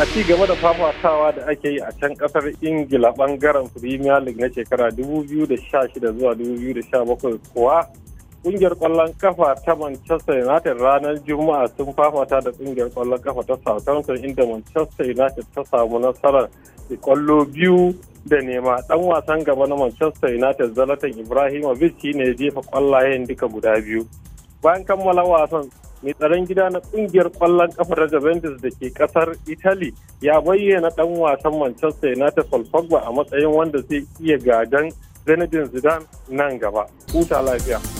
a ci gaba da fafatawa da ake yi a can kasar ingila bangaren premier league na shekara 2016 zuwa 2017 kuwa kungiyar kwallon kafa ta manchester united ranar juma'a sun fafata da kungiyar kwallon kafa ta southampton inda manchester united ta samu nasarar kwallo biyu da nema dan wasan gaba na manchester united zalatan ibrahimovic shine jefa kwallayen duka guda biyu bayan kammala wasan mai tsaron gida na kungiyar kwallon kafa da Juventus da ke kasar Italy ya bayyana dan wasan Manchester United Paul Pogba a matsayin wanda zai iya gadan Zinedine Zidane nan gaba. Huta lafiya.